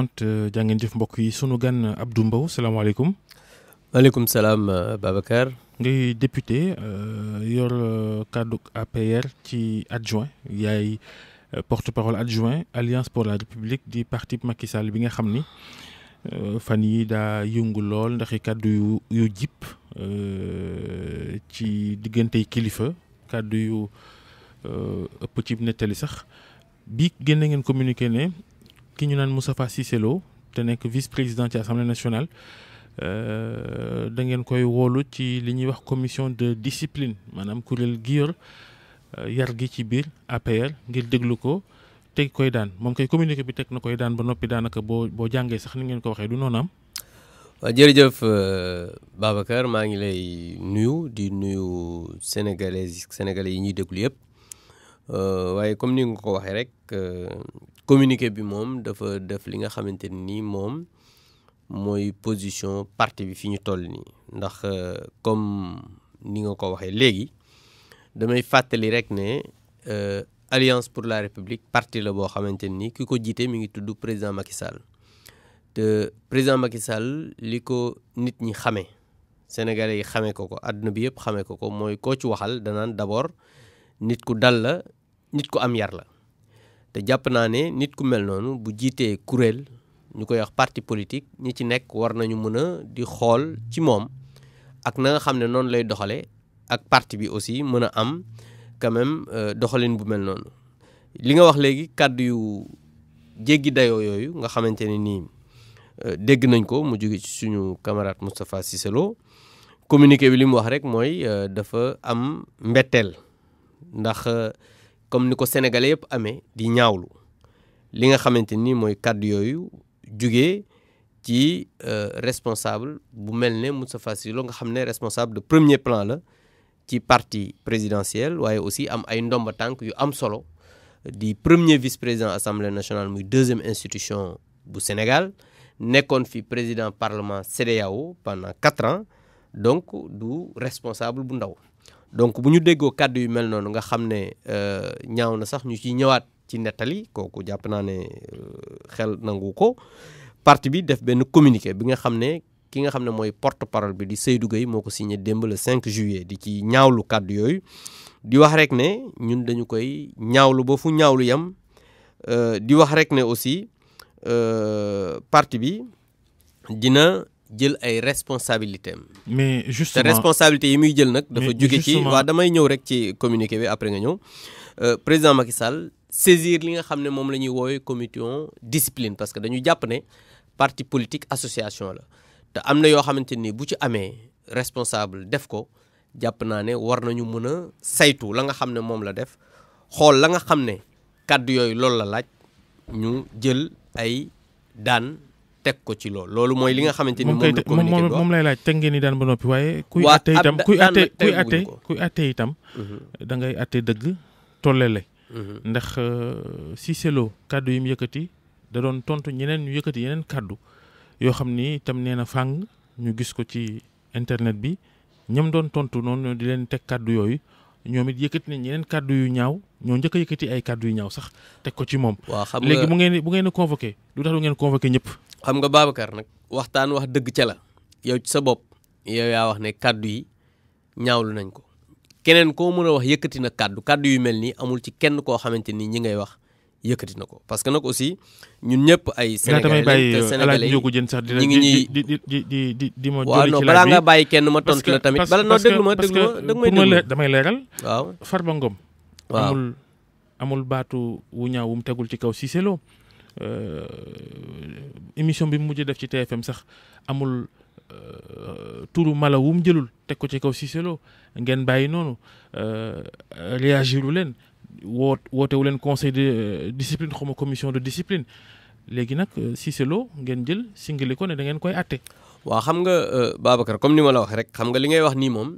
ant euh, jaa jëf mbokk yi sunu gan Abdou Mbow salaamaaleykum. maaleykum salaam euh, Babacar. ngay député euh, yor kàddu APR ci adjoint yaay porte-parole adjoint Alliance pour la République di parti Macky Sall bi nga xam ni fan yi daa yëngu lool ndaxi kàddu yu yu jip ci diggantey kilifa kàddu yu ëpp ci nettali sax bi génne ngeen communiqué ne. ki ñu naan Moustapha Cissé te nekk vice président ci assemblée nationale euh, da ngeen koy woolu ci li ñuy wax commission de discipline maanaam kuréel gi euh, yar gi ci biir APR ngir déglu ko teg koy daan moom koy communiqué bi teg na koy daan ba noppi daanaka boo boo jàngee sax ni ngeen ko waxee du noonu am. waaw jërëjëf euh, Babacar maa ngi lay nuyu di nuyu sénégalais sénégalais yi ñuy déglu yëpp waaye comme ni nga ko waxee rek communiquer bi moom dafa def li nga xamante ni moom mooy position parti bi fi ñu toll nii ndax euh, comme ni nga ko waxee léegi damay fàttali rek ne euh, alliance pour la république parti la boo xamante nii ki ko jiite mi ngi tudd président Macky te président Macky Sall li ko nit ñi xamee sénégalais yi xamee ko ko àdduna bi yëpp xamee ko ko mooy koo ci waxal danaan d'abord nit ku dal la nit ku am yar la. te jàpp naa ne nit ku mel noonu bu jiitee kuréel ñu koy wax parti politique ñi ci nekk war nañu mën a di xool ci moom ak na nga xam ne noonu lay doxale ak parti bi aussi mën a am quand euh, doxalin bu mel noonu li nga wax léegi kàddu yu jéggi dayoo yooyu nga xamante ne nii euh, dégg nañ ko mu jóge ci suñu camarade Moustapha Cissé Lo bi li mu wax rek mooy euh, dafa am mbetteel ndax comme ni ko sénégalais yëpp amee di ñaawlu li nga xamante ni mooy kàddu yooyu juge ci euh, responsable bu mel ne Moustapha Cissé nga xam ne responsable de premier plan la ci parti présidentiel waaye aussi am ay ndomba tànk yu am solo di premier vice président assemblée national muy deuxième institution bu Sénégal nekkoon fi président parlement CEDEAO pandant quatre ans donc du responsable bu ndaw. donc bu ñu déggoo kàddu yu mel noonu nga xam ne euh, ñaaw na sax ñu ciy ñëwaat ci nettali kooku jàpp naa ne euh, xel nangu ko parti bi def benn communiqué bi nga xam ne ki nga xam ne mooy porte parole bi di Seydou Gueye moo ko signé démb le 5 di ci ñaawlu kàddu yooyu di wax rek ne ñun dañu koy ñaawlu ba fu ñaawlu yam euh, di wax rek ne aussi parti bi dina jël ay responsabilités am. mais justement te yi muy jël nag. dafa jóge ci waa damay ñëw rek ci communiqué bi après nga ñëw euh, président Macky Sall saisir li nga xam ne moom la ñuy woowee commission discipline parce que dañu jàpp ne parti politique association la te am na yoo xamante nii bu ci amee responsable def ko jàpp naa ne war nañu mën a saytu la nga xam ne moom la def xool la nga xam ne kàddu yooyu loolu la laaj ñu jël ay daan. teg ko ci lool loolu mooy li nga xamante ni moom la communiqué moom lay laaj teg ngeen ni daan ba noppi waaye kuy atte itam kuy atte kuy atte kuy atte da ngay atte dëgg tollele mhm. ndax euh, Cissé Lo kàddu yi mu yëkkati da doon tontu ñeneen ñu yëkkati yeneen kàddu yoo xam ni nee na fàng ñu gis ko ci internet bi ñam doon tontu noonu di leen teg kàddu yooyu ñoom it yëkkati nañ yeneen kàddu yu ñaaw ñoo njëkk a yëkkati ay kàddu yu ñaaw sax teg ko ci moom léegi bu ngeen bu ngeen convoqué lu tax du ngeen convoqué ñëpp xam nga Babacar nag waxtaan wax dëgg ca la yow ci sa bopp yow yaa wax ne kàddu yi ñaawlu nañ ko keneen koo mën a wax yëkkati na kàddu kàddu yu mel nii amul ci kenn koo xamante ni ñi ngay wax yëkkati na ko parce que nag aussi ñun ñëpp ay. sénégalais te sénégalais yi ñu ngi ñuy di di di di di ma jóge ci nga bàyyi kenn ma tontu la tamit. bala noo déglu ma déglu ma déglu may déglu damay leeral. waaw Farba Ngom. waaw amul baatu wu ñaaw wu tegul ci kaw Cissé Lo Euh, émission bi mujj def ci TFM sax amul euh, turu mala wu jëlul teg ko ci kaw Cissé ngeen bàyyi noonu euh, réagiru leen woo wootewu leen conseil de discipline xaw ma commission de discipline léegi nag Cissé ngeen jël singale ko ne da ngeen koy atte. waaw xam nga Babacar comme ni ma la waxee rek xam nga li ngay wax nii moom.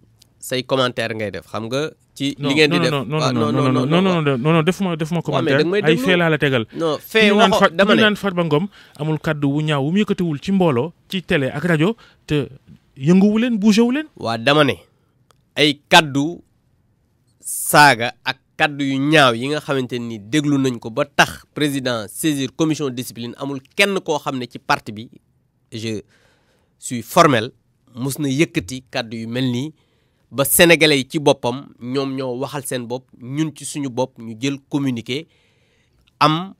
say commentaire ngay def xam nga. ci li ngeen di def non non non non non non non defuma defuma commentaire ay fee laa la tegal. non fee waxo dama ne naan Farba Ngom amul kàddu wu ñaaw wu mu yëkkatiwul ci mbooloo ci télé ak rajo te yënguwu leen bougé wu leen. waa dama ne ay kàddu saaga ak kàddu yu ñaaw yi nga xamante ni déglu nañ ko ba tax président saisir commission discipline amul kenn koo xam ne ci parti bi je suis formel mus na yëkkati kàddu yu mel nii. ba sénégalais yi ci boppam ñoom ñoo waxal seen bopp ñun ci suñu bopp ñu jël communiqué am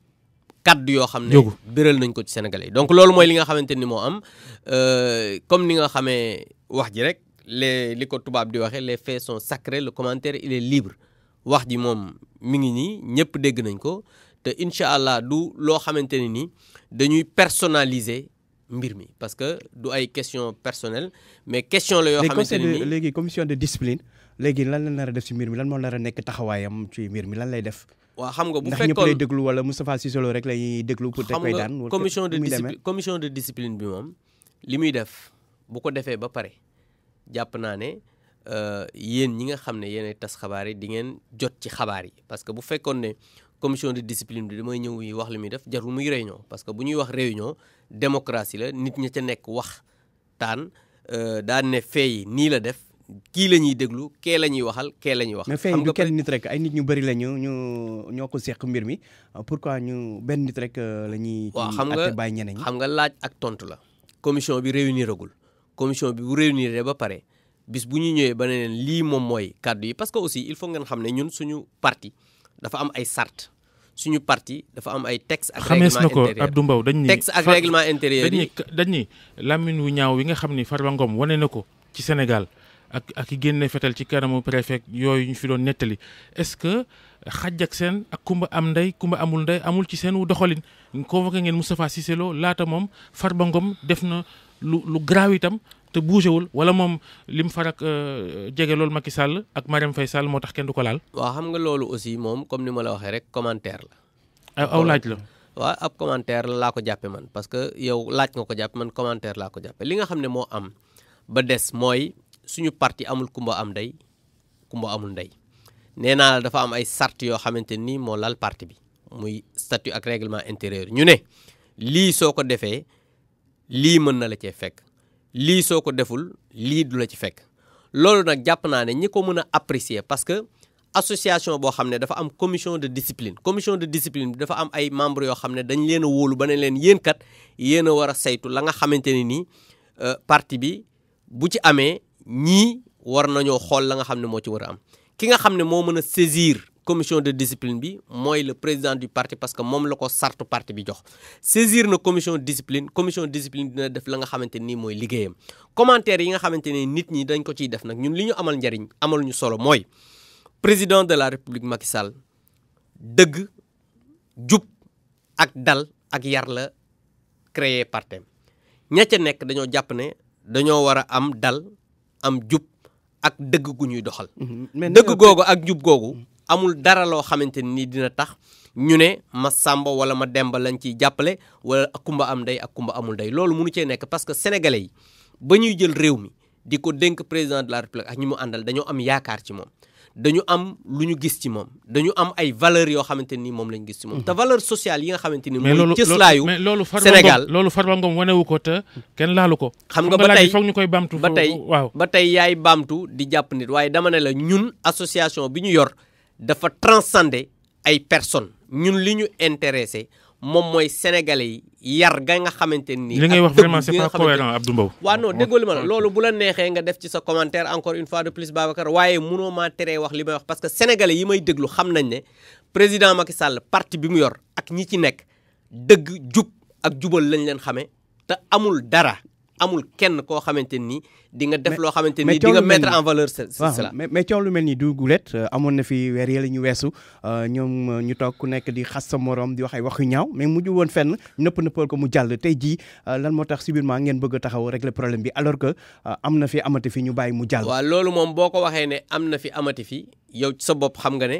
kaddu yoo xam ne béral nañ ko ci sénégalais yi donc loolu mooy li nga xamante ni moo am euh, comme ni nga xamee wax ji rek les li ko tubaab di waxee les faits sont sacrés le commentaire il est libre wax ji moom mi ngi nii ñëpp dégg nañ ko te incha allah du loo xamante ne ni dañuy personnaliser mbir mi parce que du ay question personnelle mais question la yoo xamante ne nii léegi commission de discipline léegi lan la nar a def si mbir mi lan moo nar a nekk taxawaayam ci mi lan lay def waaw xam nga bu fekkoon ndax ñëpp déglu wala Moustapha Cissé Lo rek lay déglu pour teg koy daan commission de discipline commission de discipline bi moom li muy def bu ko defee ba pare jàpp naa ne euh, yéen ñi nga xam ne yéen ay tas xabaar yi di ngeen jot ci xabaar yi parce que bu fekkoon ne commission de discipline bi damay ñëw yi wax lu muy def jarul muy réunion parce que bu ñuy wax réunion démocratie la nit ña ca nekk wax taan euh, daan ne feeyi nii la def kii la ñuy déglu kee la ñuy waxal kee la ñuy wax. mais fee du kenn nit rek ay nit ñu bëri la ñu ñu ñoo ko seq mbir mi pour euh, pourquoi ñu benn nit rek euh, la ñuy. waaw xam nga bàyyi ñeneen ñi xam laaj ak tontu la. commission bi réunir agul commission bi bu réunir ba pare bis bu ñuy ñëwee ba ne leen lii moom mooy kàddu yi parce que aussi il faut ngeen xam ne ñun suñu parti. dafa am ay sart suñu parti dafa am ay texte ak xamees na ko Abdou Mbow dañ ni texte ak règlement intérieur yi dañuy ni wu ñaaw wi nga xam ni Farba Ngom wane na ko ci Sénégal ak ak i génne fetal ci kanamu préfet yooyu ñu fi doon nettali est-ce que xaj ak seen ak kumba am ndey kumba amul ndey amul ci seen wu doxalin convoqué ngeen Moustapha Cissé Lo laata moom Farba Ngom def na lu lu garaaw itam te bougé wul wala moom lim farak euh, jege loolu ki Sall ak Marème Faye Sall moo tax kenn du ko laal. waaw xam nga loolu aussi moom comme ni ma la waxee rek commentaire la. aw laaj la. waaw ab commentaire la laa ko jàppe man parce que yow laaj nga ko jàppe man commentaire laa ko jàppe li nga xam ne moo am ba des mooy suñu parti amul kumba am ndey kumba amul ndey nee naa dafa am ay sart yoo xamante ni moo lal parti bi muy statut ak règlement intérieur ñu ne lii soo ko defee lii mën na la cee fekk lii soo ko deful lii du la ci fekk loolu nag jàpp naa ne ñi ko mën a apprécier parce que association boo xam ne dafa am commission de discipline commission de discipline bi dafa am ay membres yoo xam ne dañ leen a wóolu ba ne leen yéen kat yéen a war a saytu la nga xamante ne nii euh, parti bi bu ci amee ñii war nañoo xool la nga xam ne moo ci war a am ki nga xam ne moo mën a saisir commission de discipline bi mooy le président du parti parce que moom la ko sartu parti bi jox saisir na commission discipline commission discipline dina def la nga xamante nii mooy liggéeyam commentaire yi nga xamante ni nit ñi dañ ko ciy def nag ñun li ñu amal njariñ amal ñu solo mooy président de la république Macky Sall dëgg jub ak dal ak yar la créer partem ña nekk dañoo jàpp ne dañoo war a am dal am jub ak dëgg gu ñuy doxal mhm. dëgg googu ak amul dara loo xamante ni dina tax ñu ne ma sàmba wala ma demba lañ ciy jàppale wala kumba am ndey ak kumba amul ndey loolu mënu cee nekk parce que sénégalais yi ba ñuy jël réew mi di ko dénk président de la république ak ñi mu àndal dañoo am yaakaar ci moom dañu am lu ñu gis ci moom dañu am ay valeurs yoo xamante nii moom lañu gis ci moom. Mhm. te valeur sociale yi nga xamante ni. mooy cëslaayu Sénégal loolu Farba Ngom wanewu ko te kenn laalu ko. xam nga ba tey foog ñu koy baamtu. ba tey waaw ba yaay baamtu di jàpp nit waaye dama la ñun association bi ñu yor. dafa transcender ay personnes ñun li ñu intéressé moom mooy sénégalais yi yar ga nga xamante ni. li ngay wax vraiment c'est pas cohérent Abdou Mbow. waaw non déggoo li ma la loolu bu la neexee nga def ci sa commentaire encore une fois de plus Babacar waaye munoo maa teree wax li may wax parce que sénégalais yi may déglu xam nañ ne président Macky Sall parti bi mu yor ak ñi ci nekk dëgg jub ak jubal lañ leen xame te amul dara. amul kenn koo xamante nii di nga def loo xamante ni di nga mettre en valeur cela mais coow lu mel ni du gulet euh, amoon na fi weer yële ñu weesu euh, ñoom euh, ñu toog ku nekk di xas sa morom di wax ay wax yu ñaaw mais mujj woon fenn nëpp nëppal ko mu jàll tey jii lan moo tax subitement ngeen bëgg taxaw régler problème bi alors que am na fi amati fi ñu bàyyi mu jàll loolu moom boo ko waxee ne am na fi amati fi yow sa bopp xam nga ne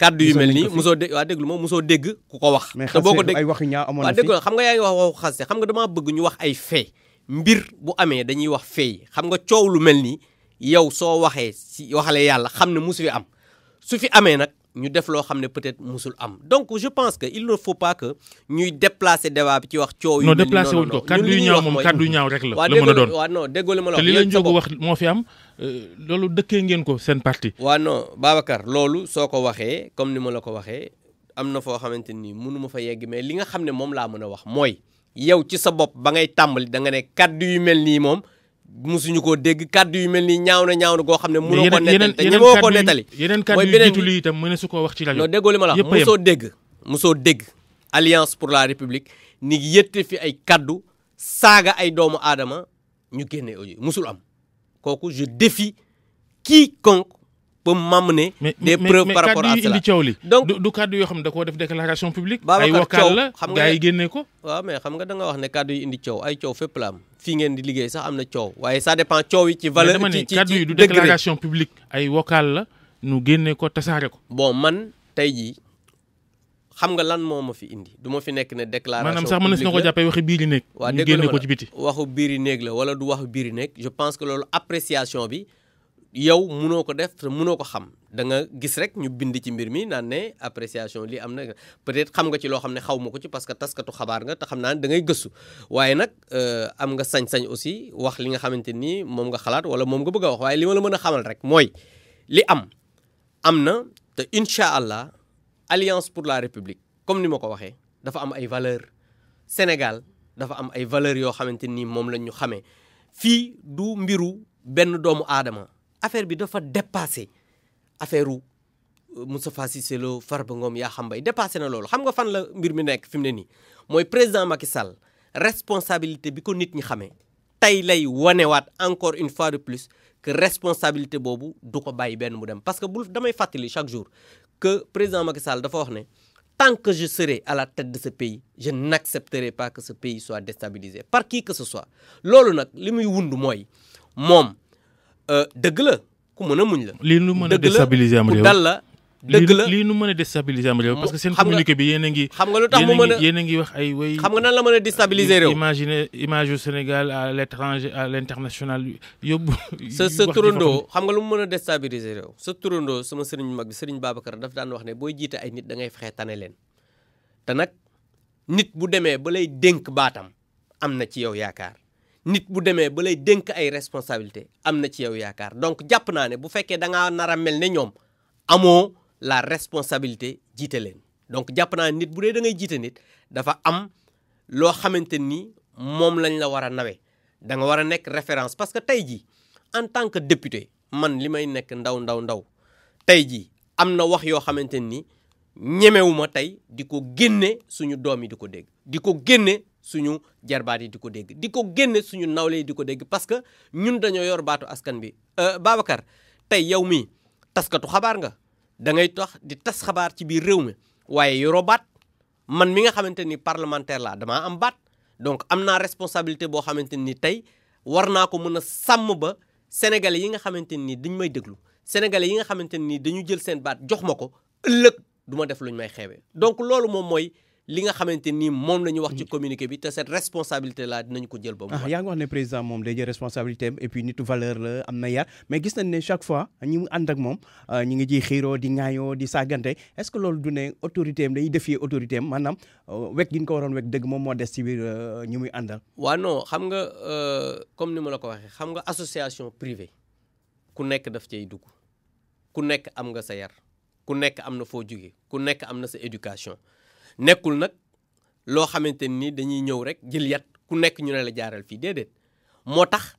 kàddu yu mel nii mosoo dégg waa déglu ma mosoo dégg ku ko wax te boo ko dégg waaw dégg xam nga yaa ngi wax waxu xaste xam nga damaa bëgg ñu wax ay fee mbir bu amee dañuy wax feey xam nga coow lu mel nii yow soo waxee si waxale yàlla xam ne mosu fi am su fi amee nag ñu def loo xam ne peut-être musul am donc je pense que il ne faut pas que ñuy déplacer débat bi ci wax coow yu non déplacer wuñ ko kaddu yu ñaaw moom kaddu yu rek la la mën a doon waaw non déggoo ma la te li la njógu wax moo fi am euh, loolu dëkkee ngeen ko seen parti waa non Babacar loolu soo ko waxee comme ni ma la ko waxee am na foo xamante nii mënu ma fa yegg mais li nga xam ne moom laa mën a wax mooy yow ci sa bopp ba ngay tàmbali da nga ne kàddu yu mel nii moom musuñu koo dégg kàddu yu mel nii ñaaw na ñaaw na koo xam ne mënoo ko nettali te ñemoo ko nettali yeneen kàddu yu jiitu lii itam mën su koo wax ci rajo non déggoo li ma la wax musoo dégg musoo alliance pour la république nit yëtte fi ay kàddu saaga ay doomu aadama ñu génne audio musul am kooku je défie quiconque peut m'amener des preuves par rapport mais mais kàddu yi indi coow li. du kàddu yoo xam da koo def déclaration publique. ay vocal la na coow waaye ça dépend nu génne ko tasaare ko. bon man tey jii xam nga lan moo a fi indi du ma fi nekk ne déclaration maanaam sax mën na si na ko jàppee waxi biiri néeg. waa dégg ko ci biti. waxu biiri néeg la wala du waxu biiri néeg je pense que loolu appréciation bi yow munoo ko def te munoo ko xam da nga gis rek ñu bind ci mbir mi naan ne appréciation li am na peut-être xam nga ci loo xam ne xaw ma ko ci parce que taskatu xabaar nga te xam naa ne da ngay waaye nag euh, am nga sañ-sañ aussi wax li nga xamante nii moom nga xalaat wala moom nga bëgg wax waaye li ma la mën a xamal rek mooy li am am na te incha allah alliance pour la république comme ni ma ko waxee dafa am ay valeur Sénégal dafa am ay valeur yoo xamante ni moom lañ ñu xamee fii du mbiru benn doomu aadama. affaire bi dafa dépassé affaire u euh, Moustapha Cissé Lo Farba yaa xam Mbaye dépassé na loolu xam nga fan la mbir mi nekk fi mu ne nii mooy président Macky Sall responsabilité bi ko nit ñi xamee tey lay wanewaat encore une fois de plus que responsabilité boobu du ko bàyyi benn mu dem parce que bu damay fàttali chaque jour que président Macky dafa wax ne tant que je serai à la tête de ce pays je n'accepterai pas que ce pays soit déstabilisé par qui que ce loolu nag li muy wund mooy moom Euh, dëgg la ku mën a muñ la. lii nu mën a déstabiliser am réew la. dëgg la lii nu mën a déstabiliser am réew. parce que seen communiqué bi yéen a ngi. xam nga lu tax mu mën a yéen a ngi wax ay way. xam nga nan la mën a déstabiliser réew. imagine image yu Sénégal à l' étranger à l' international yóbbu. sa sa turandoo xam nga lu mu mën a déstabiliser réew. sa turandoo sama sëriñ mag bi sëriñ Babacar daf daan wax ne booy jiite ay nit da ngay fexe tane leen te nag nit bu demee ba lay dénk baatam am na ci yow yaakaar nit bu demee ba lay dénk ay responsabilité am na ci yow yaakaar donc jàpp naa ne bu fekkee da ngaa nar mel ne ñoom amoo la responsabilité jiite leen donc jàpp naa ne nit bu dee da ngay jiite nit dafa am loo xamante ni moom lañ la war a nawe da nga war a nekk référence parce que tey jii en tant que député man li may nekk ndaw ndaw ndaw tey jii am na wax yoo xamante ni ñemewu tey di ko génne suñu doom yi di ko dégg di ko génne suñu jarbaat yi di ko dégg di ko génne suñu nawle yi di ko dégg parce que ñun dañoo yor baatu askan bi euh, Babacar tey yow mii taskatu xabaar nga da ngay tax di tas xabaar ci biir réew mi waaye yoroo baat man mi nga xamante ni parlementaire laa damaa am baat donc am naa responsabilité boo xamante ni tey war naa ko mën a sàmm ba sénégalais yi nga xamante nii dañ may déglu sénégalais yi nga xamante nii dañu jël seen baat jox ma ko ëllëg du ma def luñ may xeebe donc loolu moom mooy li nga xamante ni moom la ñu wax ci mm. communiqué bi te cette responsabilité là dinañ ko jël ba mu. ah yaa ngi wax ne président moom day jël responsabilité am et puis nitu valeur la am na yar mais gis nañ ne chaque fois ñi mu ànd ak moom euh, ñi ngi ciy xiiroo di ŋaayoo di saagante est ce que loolu du ne autorité am day défier autorité am maanaam euh, wekk gi ñu ko waroon wekk dëgg moom moo des ci biir euh, ñi muy àndal. waaw non xam nga comme ni ma la ko waxee xam nga association privée ku nekk daf cay dugg ku nekk am nga sa yar ku nekk am na foo jóge ku nekk am na sa éducation. nekkul nag loo xamante nii dañuy ñëw rek jël yat ku nekk ñu ne la jaaral fii déedéet moo tax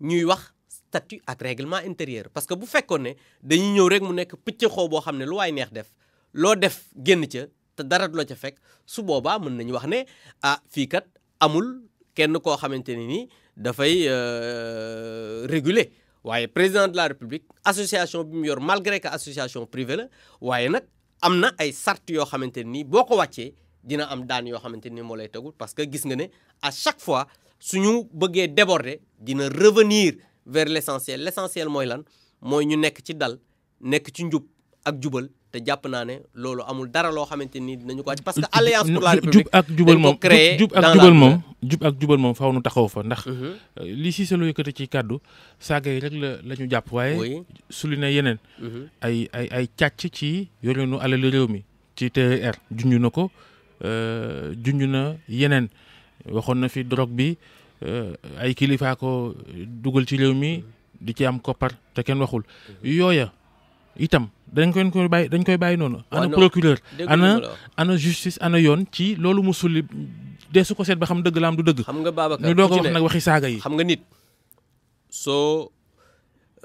ñuy wax statut ak règlement intérieur parce que bu fekkoon ne dañuy ñëw rek mu nekk pëcc xoo boo xam ne lu waay neex def loo def génn ca te dara du la ca fekk su boobaa mën nañu wax ne ah fii kat amul kenn koo xamante ne nii dafay euh, réguler waaye président de la république association bi mu yor malgré que association privée la waaye nag am na ay sart yoo xamante nii boo ko wàccee dina am daan yoo xamante ni moo lay tegul parce que gis nga ne à chaque fois suñu bëggee déborder dina revenir vers l'essentiel l'essentiel mooy lan mooy ñu nekk ci dal nekk ci njub ak jubal te jàpp naa ne loolu amul dara loo xamante ni dinañu ko wàcc parce que alliance pour la république jub ak moom jub ak jubal moom jub ak jubal moom faw nu taxaw fa ndax. Mhm. Euh, li Cissé Lo yëkkati ci kàddu saaga yi rek la la jàpp. waaye suli na yeneen. Mhm. ay ay càcc ci yorinu alali réew mi ci TER. junj na ko euh, junju na yeneen waxoon na fi drogue bi euh, ay kilifaa ko dugal ci réew mi mhm. di ci am koppar te kenn waxul yooya itam dañ koy koy dañ koy bàyyi noonu. ana procureur ana ana justice ana yoon ci loolu mu sulli dee su ko seet ba xam dëgg la am du dëgg. xam nga Babacar ñu doog a wax nag waxi saaga yi. xam nga nit soo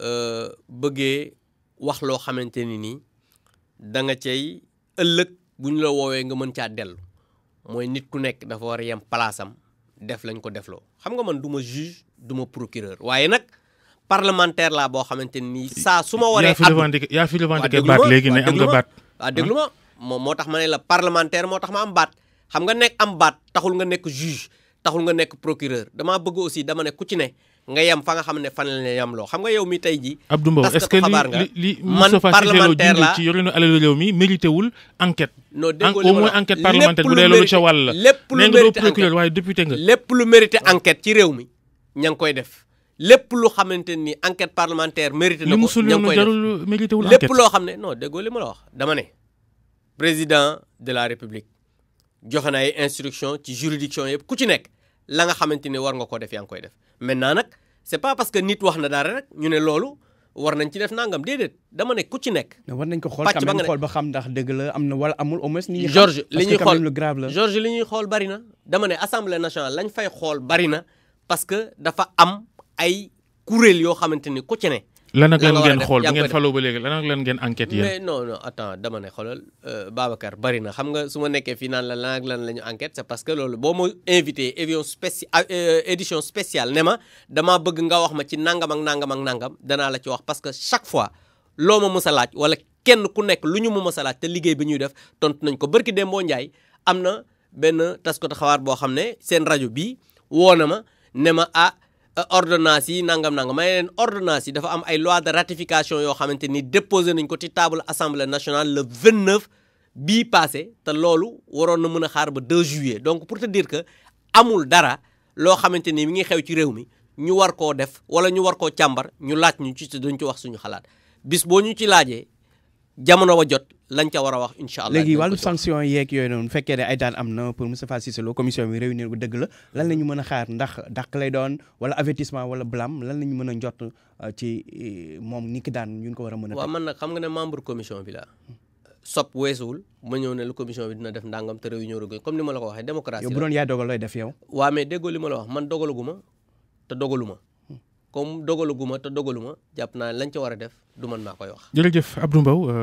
euh, bëggee wax loo xamante ni nii danga nga ëllëg bu ñu la woowee nga mën caa dellu mooy nit ku nekk dafa war a yem palaasam def lañ ko def loo xam nga man du ma juge du ma procureur waaye nag. parlementaire laa boo xamante nii saa su ma waree. yaa fi revendiqué baat léegi ne am nga baat. waaw déglu ma moo tax ma ne la parlementaire moo tax ma am xam nga nekk am baat taxul nga nekk juge taxul nga nekk procureur damaa bëgg aussi dama ne ku ci ne nga yem fa nga xam ne fan la ñu yem loo xam nga yow mi tey jii. ab Mbow est-ce que li li Moustapha Cissé Lo jënd ci yorinu alalu réew mi mérité wul enquête. non déggoo au moins enquête parlementaire bu dee loolu ca wàll la. lépp lu mérité enquête procureur waaye député nga. lépp lu mérité enquête ci réew mi ña ngi koy def. lépp loo xamante ni enquête parlementaire mérité na ko ña ngi koy def lépp loo xam ne non déggoo li ma la dama ne président de la république. joxe na ay instruction ci juridiction yëpp ku ci nekk la nga xamante ni war nga ko def yaa ngi koy def maintenant nag c'est pas parce que nit wax na dara rek ñu ne loolu war nañ ci def nangam déedéet dama ne ku ci nekk. war nañ ko xool quand même xool ba xam ndax dëgg la am na wala amul au moins. ni George li ñuy xool lu la ñuy xool bari na. dama ne assemblée nationale lañ fay xool bari na parce que dafa am ay kuréel yoo xamante ni ku ci ne. lan ak lan ngeen xool bu ngeen faloo ba dama ne xoolal euh, Babacar bari na xam nga su ma nekkee fii naan la lan lan la ñu enquête c'est parce que loolu boo ma invité ah, euh, édition spéciale édition ne ma damaa bëgg nga wax ma ci nangam ak nangam ak nangam danaa la ci wax parce que chaque fois loo ma mës a laaj wala kenn ku nekk lu ñu ma mës a laaj te liggéey bi ñuy def tontu nañ ko barki Dembo Ndiaye am na benn taskatu xabaar boo xam ne seen rajo bi woo na ma ne ma a ah, Euh, ordonnance yi nangam nangam may leen ordonnance yi dafa am ay loi de ratification yoo xamante ni déposé nañ ko ci table assemblée nationale le 29 bii passé te loolu waroon na mën a xaar ba 2 juillet donc pour te dire que amul dara loo xamante ni mi ngi xew ci réew mi ñu war koo def wala ñu war koo càmbar ñu laaj ñu ci te duñ ci wax suñu xalaat bis boo ñu ci laajee. jamono wa jot lañ ca war a wax incha allah. léegi wàllu sanction yeeg yooyu noonu bu fekkee ne ay daan am na pour Moustapha Cissé Lo commission bi réunir ko dëgg la lan la ñu mën a xaar ndax dàq lay doon wala avertissement wala blâme lan la mën a njot euh, ci euh, moom ni ki daan ñun ko war a mën a. waaw man nag xam nga ne membre commission bi la sop weesuwul ma ñëw ne la commission bi dina def ndàngam te réunion rek comme ni ma la ko waxee démocratie la. yow bu doon yaay dogal looy def yow. waaw mais déggoo li ma la wax man dogaluguma te dogaluma. Hmm. comme dogaluguma te dogaluma jàpp naa lañ ca war a def du man maa koy wax.